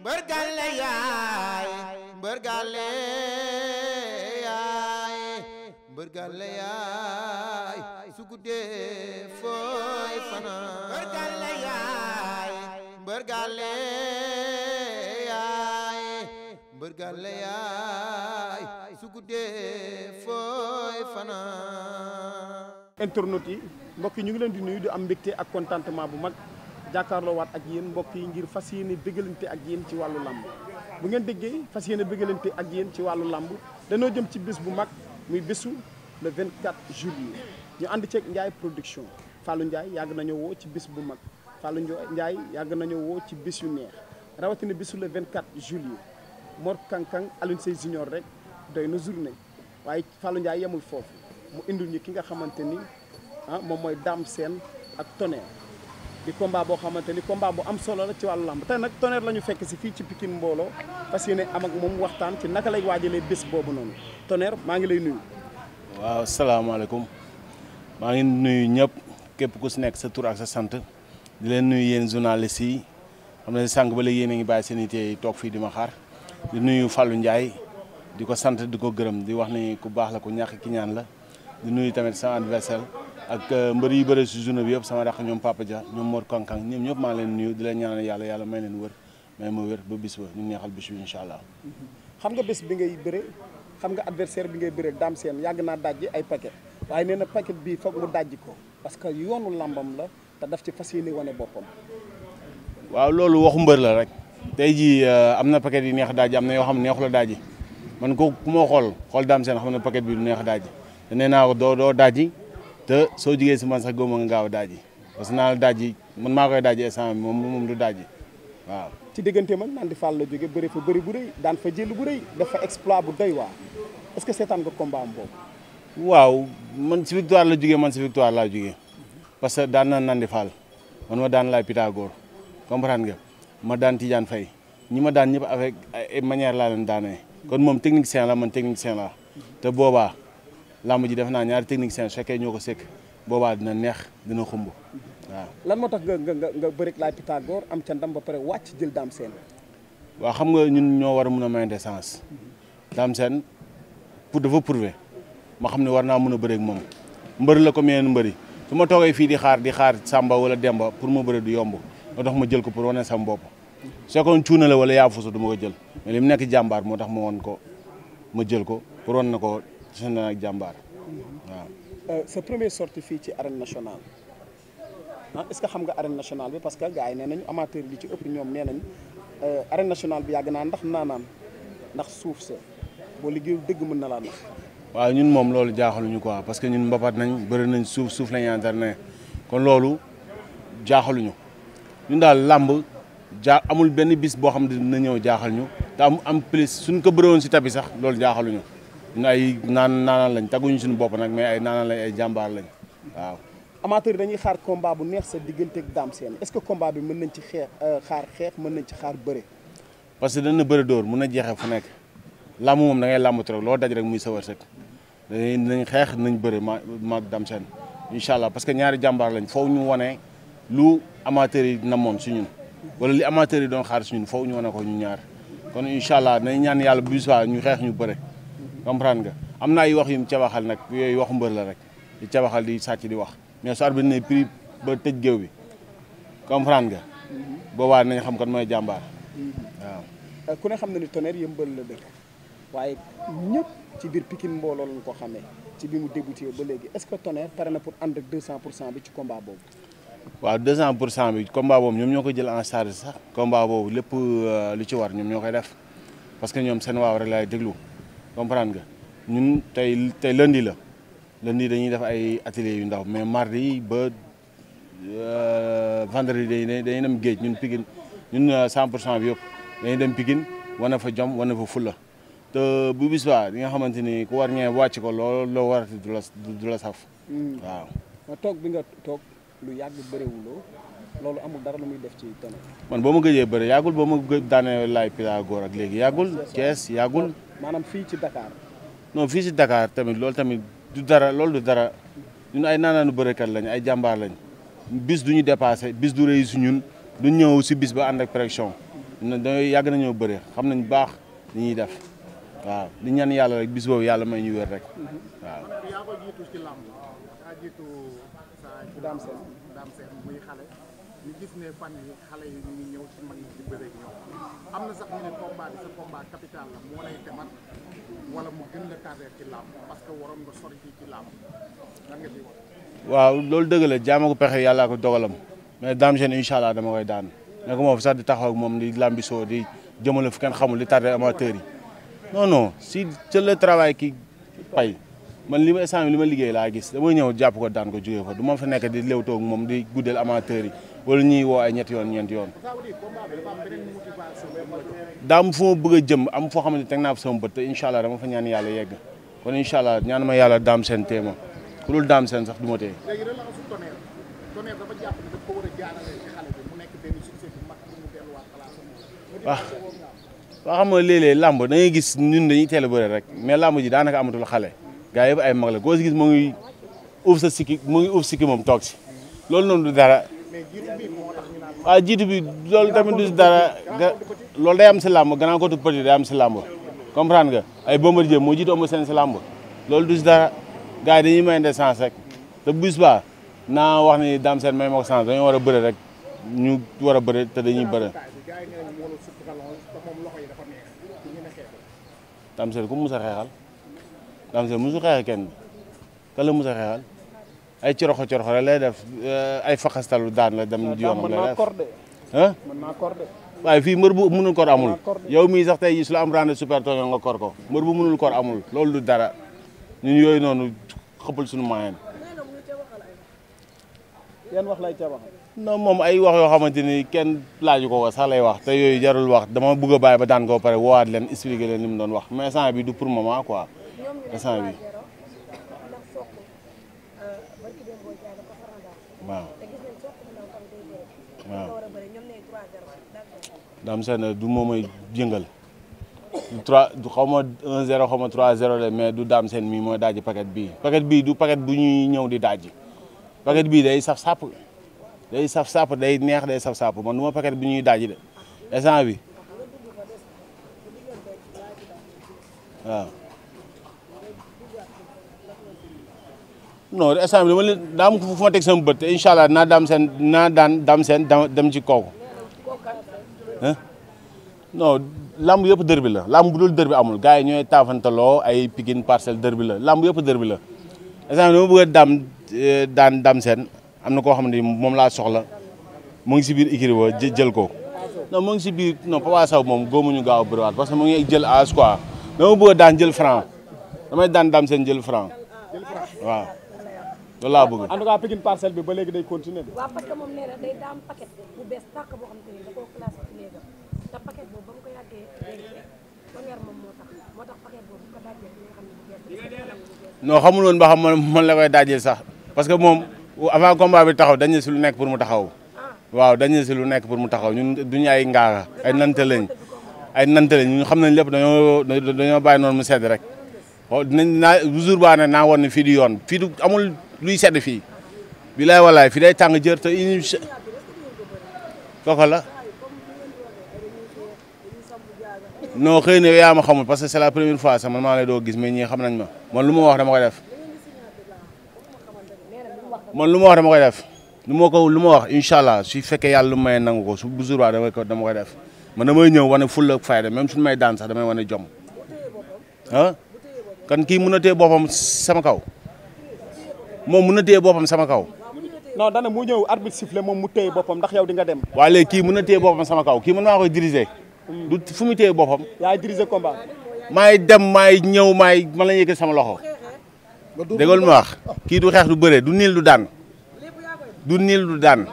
mbër gàlle yaay mbër gàlle yaay mbër gàlle yaay fooy fanaan mbër gàlle yaay yi mbokk yi ñu ngi leen di nuyu di am mbégte ak contentement bu mag jàkkaarloowaat ak yéen mbokk yi ngir fas yéene bëggalante ak yéen ci wàllu làmb bu ngeen déggee fas yéene bëggalante ak yéen ci wàllu làmb danoo jëm ci bés bu mag muy bésu le 24 juillet ñu ànd ceeg Ndiaye production Fallou Ndiaye yàgg nañoo woo ci bés bu mag Fallou Ndiaye yàgg nañoo woo ci bés yu neex rawatina bésu le 24 juillet Mor Kankang Alioune Seye Junior rek doy na journée waaye Fallou Ndiaye yemul foofu mu indil ñu ki nga xamante ni ah moom mooy Dame seen ak Tonnerre. di combat boo xamante ni combat bu am solo la ci wàllu lamb tey nag Tonnerre la ñu fekk si fii ci Pikine mbooloo parce que ne am ak moom waxtaan ci naka lay waajalee bés boobu noonu Tonnerre maa ngi lay nuyu. waaw salaamaaleykum maa ngi nuyu ñëpp képp ku si nekk sa tur ak sa sant di leen nuyu yéen journalistes yi xam ne sànq ba léegi yéen a ngi bàyyi seen yitte toog fii di ma xaar di nuyu Fallou Ndiaye di ko sant di ko gërëm di wax ni ku baax la ku ñàkk ki la di nuyu tamit sama ak euh, mbër yi bëre si journée bi yëpp sama rakk ñoom Papa Dia ñoom Mor Kankan ñoom maa leen nuyu di leen ñaanal yàlla yàlla may leen wër may ma wër ba bis ba ñu neexal bis bi incha allah. xam nga bés bi ngay bëre xam nga adversaire yàgg naa dajji ay paquet waaye nee na paquet bii foog mu dajji ko parce que yoonu làmbam la te daf ci fas yéene wane boppam. waaw loolu waxu mbër la rek tey jii euh, am na paquet yi neex dajji am na yoo xam neexu la man ko ku moo xool xool Dame Sène xam na paquet du neex dajji te te soo jigee si man sax góob nga gaaw a daaji parce que naa la daaji man maa koy daaji instant bi moom moom du daaji waaw. ci diggante ma naan di Fall la jógee bëri fa bëri bu rëy daan fa jël bu rëy dafa exploit bu doy waa est que seetaan nga combat am boobu. waaw man si victoire la jógee man si victoire laa jógee parce que daan na Nandi Fall man ma daan laay Pythagore comprendre ga ma daan Tidiane Faye ñi ma daan ñëpp avec ay manière laa leen daanee kon moom technicien la man technicien la te boobaa. làmb ji def naa ñaari technicien su fekkee ñoo ko sekk boobaa dina neex dina xumb waaw. lan moo tax nga nga nga nga bëri laay am ca ndam ba pare wàcc jël daam seen. waaw xam nga ñun ñoo war a mun a mayante sens daam seen pour dafa prouver ma xam ne war naa mun a bëreek moom mbër la ko meen mbër yi su ma toogee fii di xaar di xaar sàmba wala Demba pour ma bëre du yomb moo tax ma jël ko pour wane sama bopp mhm. su fekkoon cuuna la wala yaa fusu du ma ko jël mais mu nekk jàmbaar moo tax ma won ko ma jël ko pour na ko. seen na nag jàmbaar waaw. Euh, sa première sortie fii ci arène nationale ah est-ce que xam nga arène nationale bi parce que gars yi nee nañu amateur bi ci ëpp ñoom nee nañ euh, arène nationale bi yàgg naa ndax naanaan ndax suuf sa boo liggéeyul dëgg mën na laa nax. waaw ñun moom loolu jaaxaluñu ko parce que ñun mbapat nañ bëri nañ suuf suuf lañu entraîné loolu jaaxaluñu ñun daal làmb jaa amul benn bis boo xam ne dina ñëw jaaxal ñu te am am plus suñ ko bëre woon si tabi sax loolu jaaxaluñu. ñun ay naan naanaan lañ tagguñu suñu bopp nag mais ay naanaan lañ ay jàmbaar lañ waaw. amateur dañuy xaar combat bu neex sa diggante ak Dame Sène est-ce que combat bi mën nañ ci xeex euh, xaar xeex mën nañ ci xaar bëre. parce que na bëre door mun na jeexee fu nekk làmb moom da ngay làmbatu rek loo daj rek muy sa wërsëg dinañ xeex nañ bëre ma maag Dame Sène incha parce que ñaari jàmbaar lañ foofu ñu wane lu amateur yi namoon si ñun wala li amateur yi doon xaar si ñun foofu ñu ko ñaar kon incha yàlla bu ñu xeex ñu bëre. comprendre ga am na ay wax yu mu cabaxal nag yooyu waxu mbër la rek di cabaxal di sàcc di wax mais su arbitre ne prix ba tëj géew bi comprendre nga. Mhm. boobaa nañ xam kan mooy jàmbaar euh, ku ne xam na ni Tonnerre yëmbal la dëkk waaye ñëpp ci biir Pikine mbooloo lañ ko xamee ci bi mu débuté ba léegi est-ce que Tonnerre pare na pour ànd ak 200 pour cent bi ci combat boobu. waaw 200 pour cent bi combat boobu ñoom ñoo ko jël en charge sax combat boobu lépp euh, lu ci war ñoom ñoo koy def parce que ñoom seen waaw rek laay déglu. comprendre nga ñun tey tey lundi la lundi dañuy def ay atelier yu ndaw mais mardi ba euh, vendredi dañuy dañuy dem géej ñun pikin ñun 100 euh, pour cent bi yëpp dañuy dem Pikine wane fa jom wane fa fulla te bu bis ba li nga xamante ni ku war ñee wàcc ko loolu loo warati du la du saf hmm. waaw nga toog bi nga toog lu yàgg bëriwuloo loolu amul dara lu muy def ci tonne. man boo ma gëjee bëri yàggul boo ma gë daanee laay Pythagore ak léegi yàggul. Thiès yàggul. maanaam fii ci Dakar. non fii ci Dakar tamit loolu tamit du dara loolu du dara ñun ay naanaanu bërëkat lañ ay jàmbaar lañ bis du ñu dépasé bis du rëy si ñun du ñëw si bis ba ànd ak pression dañoo yàgg nañoo bëri xam nañ baax li ñuy def waaw di ñaan yàlla rek bis boobu yàlla may ñu wér rek ñu waaw loolu dëgg la jaamu ko pexe yàllaa ko dogalam mais Dame Sène incha allah dama koy daan nekk ko moom sax di taxaw moom di lambisoo di jëmale fu kenn xamul di tardé amateurs yi non non si c'est le travail qui paye. man li ma instant li ma liggéey laa gis dama ñëw jàpp ko daan ko jógee ko du ma fa nekk di lewtoo moom di guddeel amateur yi wala ñuy woo ay ñetti yoon ñeenti yoon daam fu ma bëgg jëm am foo ne teg naa fa sama te incha allah dama fa ñaan yàlla yegg kon incha allah ñaan ma yàlla daam seen tee ma ku dul daam seen sax du ma tee ah, waaw waa xam nga léeg-léeg làmb gis ñun dañuy teel a rek mais làmb ji daanaka amatul xale gaa yëpp ay mag la koo gis mu ngi uuf sa mu ngi uuf sikki moom toog si loolu noonu du dara waaw ah, jiitu bi loolu tamit du dara loolu da am si làmb grand côté petit day am si làmb comprendre nga ay Bombardier moo jiitu Eumeu seen si làmb loolu du si dara gars yi dañuy mayante chance rek te bu subaa naa wax ni Dame Sène may ma ko chance war a bëre rek ñu war a bëre te dañuy bëre. Dame Sène ku mu mus a xeexal Dame musu xeexal kenn ka la xeexal. ay coroxo coroxo la lay def eh, ay faxastalu daan la dem yoonam la ah waaye fii mbër bu mënul koor amul yow mii sax tey su la am rende super tooño nga kor ko mbër bu mënul kor amul loolu du dara ñun yooyu noonu xëppal suñu moyen yan wax lay ca wax moom ay wax yoo xamante ni kenn laaju ko ko sax lay wax te yooyu jarul wax dama bëgg baay ba daan koo pare woowaat leen expliquer leen li mu doon wax mais bi du pour moment quoi instant bi waaw waaw Dame Sène du moom mooy yëngal. du xaw ma un zéro xaw ma trois zéro la mais du Dame Sène mii mooy daaj paquet bii paquet bii du paquet bu ñuy ñëw di daaji paquet bii day saf sàpp day saf sàpp day neex day saf sàpp man du ma paquet bu ñuy daaji de instant bi waaw non instant bi dama leen daa am fu ma teg sama bët incha allah dinaa seen dinaa daan daam seen dem ci kooku non lamb yëpp dër bi la lamb bu dul dër bi amul gars yi ñooy taafantaloo ay Pikine Parcelles dër bi la lamb yëpp dër bi la instant bi dama eh, daan daam seen am na koo xam ne moom laa soxla mu ngi si biir ikiri wa jël ko non mu ngi si biir non Papa Sow gaaw a bëriwaat parce que mu ngi jël as quoi daan jël franc damay daan daam seen jël franc loolu laa bëgg en tout bi ba léegi day continuer bi boo xam te moom la koy dajee sax parce que moom avant combat bi taxaw dañu si lu nekk pour mu taxaw ah. waaw dañu si lu nekk pour mu taxaw ñun duñu ay ngaaga ay nante lañ ay nante lañ ñun xam nañ lépp dañoo dañoo bàyyi noonu mu sedd rek dinañ naa jour baa ne fii di yoon fii du amul luy sedd fii bilaay walaay fi day tàng jër te ini kooku la non xëy na yaa ma xamul parce que c'est la première fois sax man maa lay doo gis mais ñii xam nañ ma man lu ma wax dama koy def man lu ma wax dama koy def lu ma ko lu ma wax incha allah su fekkee yàlla lu nangu ko su bu jour waa dama koy dama koy def man damay ñëw wane fulla ak fayda même suñu may daan sax damay wane jom ah kan kii mun a téye boppam sama kaw moom mun na téye boppam sama kaw. no dana mu ñëw arbitre sifflé moom mu téye boppam ndax yow di nga dem. waaw léegi kii mun na téye boppam sama kaw kii mën maa koy diriger. du fu mu téye boppam. yaay diriger combat. maay dem maay ñëw maay man la yëkkati sama loxo. dégg ma wax kii du xeex du bëre du niil du daan du niil du daan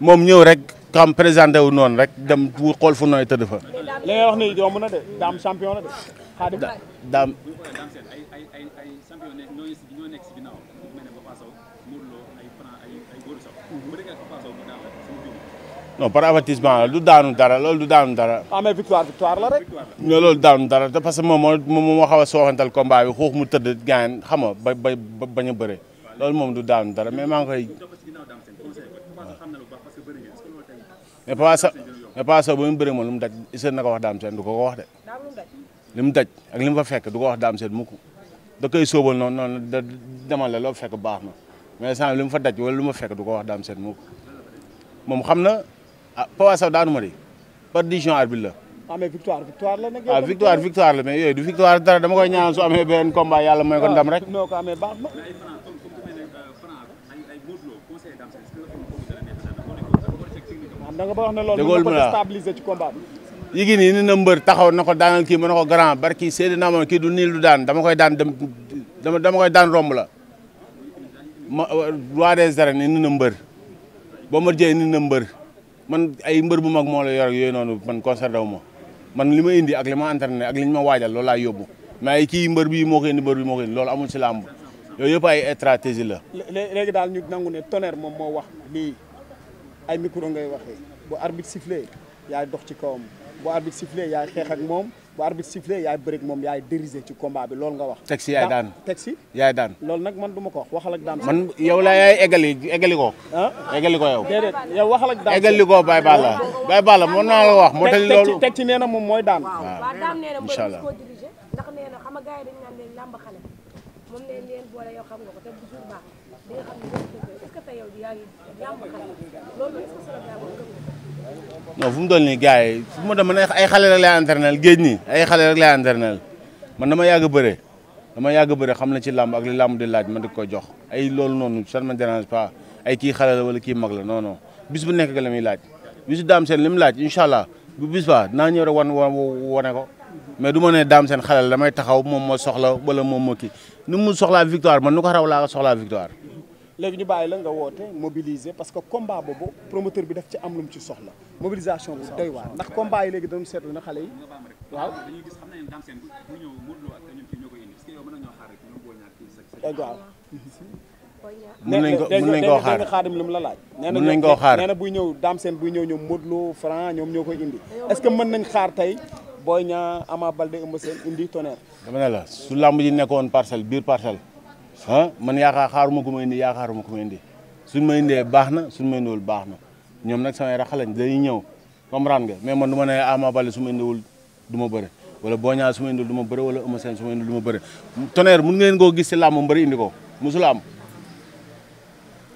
moom ñëw rek xam présenté wu noonu rek dem xool fu nooy tëdd fa. li nga wax ni yomb de daam champion de. xaadim daam non par avertissement la du daanu dara loolu du daanu dara. ah mais victoire victoire la rek. non loolu daanu dara te parce que moom moo moo xaw a sooxantal combat bi xuux mu tëdd gaañ xam nga ba ba bañ a bëre loolu moom du daanu dara mais maa ngi koy. mais Papa Sow mais Papa Sow bu mu bëree moom lu mu daj is na ko wax daam seen du ko ko wax de. li mu daj ak li fa fekk du ko wax daam seen mukk da koy sóobal noonu loo fekk baax na mais sans li mu fa daj wala lu ma fekk du ko wax daam seen mukk moom xam na ah Papa Sow daanu ma di par décision la. ah mais victoire victoire la nag. ah victoire victoire la dama koy ñaanal su amee benn combat yàlla mooy ko ndam rek. Ah, noo ah, ko amee na. Yékini ni na mbër taxaw na ko daanal kii ma na ko grand barki Seydina kii du niil du daan dama koy daan dem dama koy daan romb la ma euh, roi ni na mbër Bombardier ni na mbër man ay mbër bu mag moo la yor yooyu noonu man concerné wu ma man li ma indi ak li ma entraîné ak li ñu ma waajal loolu laa yóbbu mais ay kii mbër bii moo koy indi bi moo koy loolu amul ci làmb yëpp ay stratégie la. daal ñu nangu ne moom moo wax lii ay micro ngay waxee bu arbitre sifflé yaay dox ci kawam. bu arbitre sifflé yaay xeex moom bu arbitre sifflé yaay bëri moom yaay dériser ci combat bi nga wax. teg si yaay daan teg loolu nag man du ma ko wax waxal ak man yow la yaay eggali eggali ko. ah eggali ko yow. déedéet eggali ko Baye Balla. Baye naa la wax moo tali loolu. ci nee na moom mooy daan. non fu mu doon nii gars yi fu ma dem man ay xale rek lay entraîner géej nii ay xale rek lay entraîner man ma yàgg bëre dama yàgg bëre xam na ci làmb ak li làmb di laaj ma di ko jox ay lool noonu sen ne me dérange pas ay kii xale la wala kii mag la non bis bu nekk ga la muy laaj bisu daam seen li mu laaj incha allah bu bis ba dinaa ñëw rek wan wane ko mais du ma ne daam seen xale la damay taxaw moom moo soxla wala moom moo kii ni mu soxlaa victoire man nu ko raw laa soxlaa victoire léegi ñu bàyyi la nga woote mobiliser parce que combat boobu promoteur bi def ci am lu ci soxla mobilisation bu doy ndax combat yi léegi dañu seetlu na xale yi waaw waaw mën nañ ko mën nañ koo xaar xaadim lu la laaj mën nañ koo xaar na buy ñëw daam seen buy ñëw ñoom Modou Lo Franc ñoom ñoo koy indi est-ce que mën nañ xaar tey Boy Niang Ama Baldé Eumeu Sène indi Tonnerre dama ne su làmb ji nekkoon parcelle biir parcelle ah man yaakaar xaaruma ko ma indi yaakaaruma ko ma indi suñ ma indee baax na suñ ma indiwul baax na ñoom nag samay rax lañ dañuy ñëw comprendre nga mais man du ma ne Ama Baldé su ma indiwul du ma bëre wala Boña su ma indiwul du ma bëre wala Eumeu Sène su ma indiwul du ma bëre Tonnerre mun ngeen ko gis si làmb mbëri indi ko musul am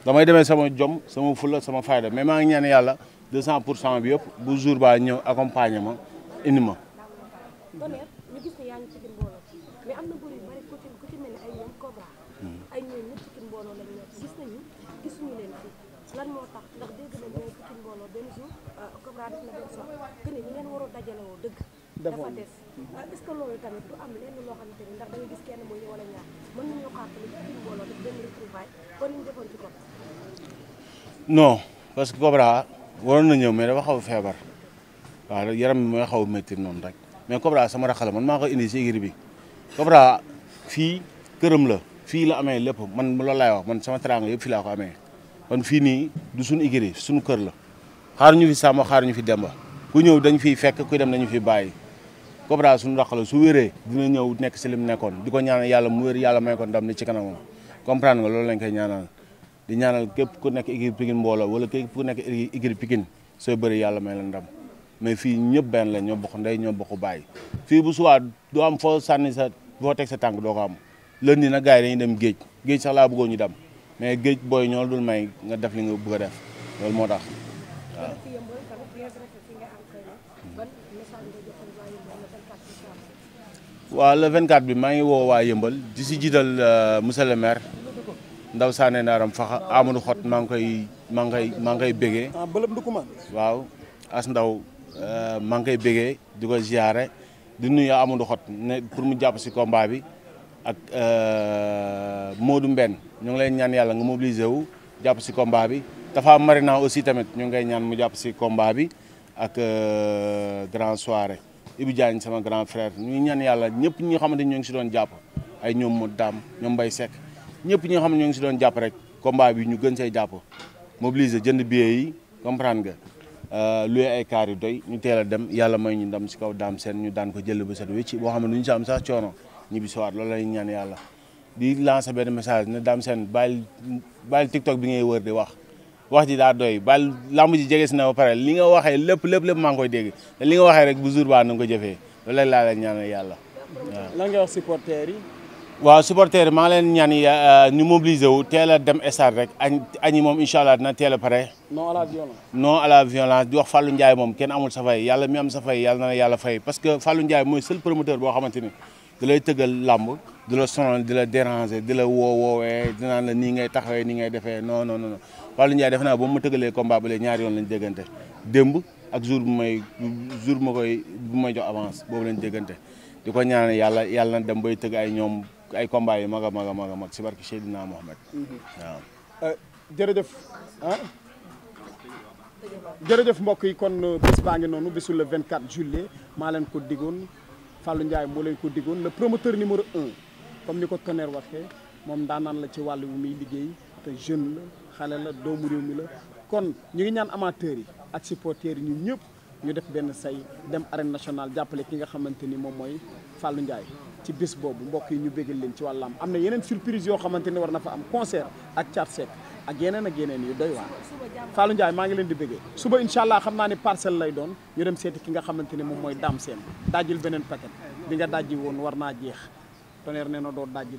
damay demee sama jom sama fula sama fayda mais maa ngi ñaan yàlla 200 pour cent bi yëpp bu jour baa ñëw accompagner ma indi ma. dajale woo dëgg euh, que loolu tamit parce que Cobra waroon na ñëw mais dafa xaw feebar waaw yaram bi mooy xaw métti noonu rek mais Cobra sama raxala man maa ko indi si écurie bi Cobra fii këram la fii la amee lépp man loolu laay wax man sama teraanga yëpp fii ko amee kon fii nii du suñu écurie suñu kër la xaar ñu fi Samba xaar ñu fi Demba ku ñëw dañ fi fekk ku dem dañu fiy bàyyi Cobra suñu rakk la su wéree dina ñëw nekk si lim nekkoon di ko ñaanal yàlla mu wér yàlla may ko ndam ni ci kanamam comprendre nga loolu lañ koy ñaanal di ñaanal képp ku nekk équipe Pikine mbooloo wala képp ku nekk équipe Pikine soo bëri yàlla may la ndam mais fii ñëpp benn la ñoo bokk ndey ñoo bokk bàyyi fii bu subaa doo am foo sànni sa foo teg sa tànk doo ko am lundi nag gars yi dañuy dem géej géej sax laa bëggoon ñu dem mais géej booy ñoo dul may nga def li nga bëgg a def loolu moo tax waa waaw le 24 bi maa ngi woo waa Yëmbal di si jiital euh, monsieur le maire Ndaw Sané Naram Faxa Amadou Xot maa ngi koy maa ngi koy maa ngi koy bégee. Ah, waaw as ndaw euh, maa ngi koy bégee di ko ziare di nuyu Amadou Xot ne pour mu jàpp si combat bi ak euh, Modou Mbène ñu ngi lay ñaan yàlla nga mobiliser wu jàpp si combat bi Tafa Marina aussi tamit ñu ngi koy ñaan mu jàpp si kombaa bi ak grand soirée. Ibi Diagne sama grand frère ñuy ñaan yàlla ñëpp ñi nga xamante ñoo ngi si doon jàpp ay ñoom mu daam ñoom bay Seck ñëpp ñi nga xam ne ñoo ngi si doon jàpp rek combat bi ñu gën say jàpp mobiliser jënd bi yi comprendre nga euh, luy ay kaar yu doy ñu teel a dem yàlla may ñu ndam si kaw daam seen ñu daan ko jël ba set wécc boo xam ne du ñu si am sax coono ñibbi si waat loolu la ñuy ñaan yàlla di lancer benn message na daam seen bàyyil bàyyil TikTok bi ngay wër di wax wax ji daa doy bal lamb ji jege si na ba pare li nga waxee lépp lépp lépp maa koy dégg te li nga waxee rek bu jour ba na nga ko jëfee loolu la laa leen ñaanal yàlla waaw. lan nga wax yi. waaw maa leen ñaan euh, ñu mobiliser wu teel a dem stade rek añ añi moom incha allah dina teel a pare. non à la violence. la violence di wax Fallou Ndiaye moom kenn amul sa fay yàlla mi am sa fay yàlla na yàlla fay parce que Fallou Ndiaye mooy seul promoteur boo xamante ni lay tëggal làmb. di la sonal di la déranger di la woo woowee dinaan nii ngay taxawee nii ngay defee non non non Fallou Ndiaye def naa ba mu ma tëgalee combat ba léegi ñaari yoon lañ déggante démb ak jour bu may jour bu ma koy bu may jox avance boobu lañ déggante di ko ñaanal yàlla yàlla na dem bay tëgg ay ñoom ay combat yi mag a mag a mag a mag si barke Seydina Mohamed waaw euh, jërëjëf mbokk yi kon bés baa ngi noonu bésu le 24 juillet maa leen ko diggoon Fallou Ndiaye moo leen ko diggoon le promoteur numéro un comme ni ko Tonnerre waxee moom daanaan la ci wàll wu muy liggéey te jeune la xale la doomu réew mi la kon ñu ngi ñaan amateurs yi ak supporters yi ñun ñëpp ñu def benn say dem arène nationale jàppale ki nga xamante ni moom mooy Fallou njaay ci bés boobu mbokk yi ñu béggal leen ci wàllam am na yeneen surprise yoo xamante ni war na fa am concert ak Thiat Seck ak yeneen ak yeneen yu doy waar Fallou Ndiaye maa ngi leen di bëggee suba incha allah xam naa ne parcelle lay doon ñu dem seeti ki nga xamante ni moom mooy Dame Sène dajjil beneen paquet bi nga dajji woon war naa jeex Tonnerre nee na doo dajji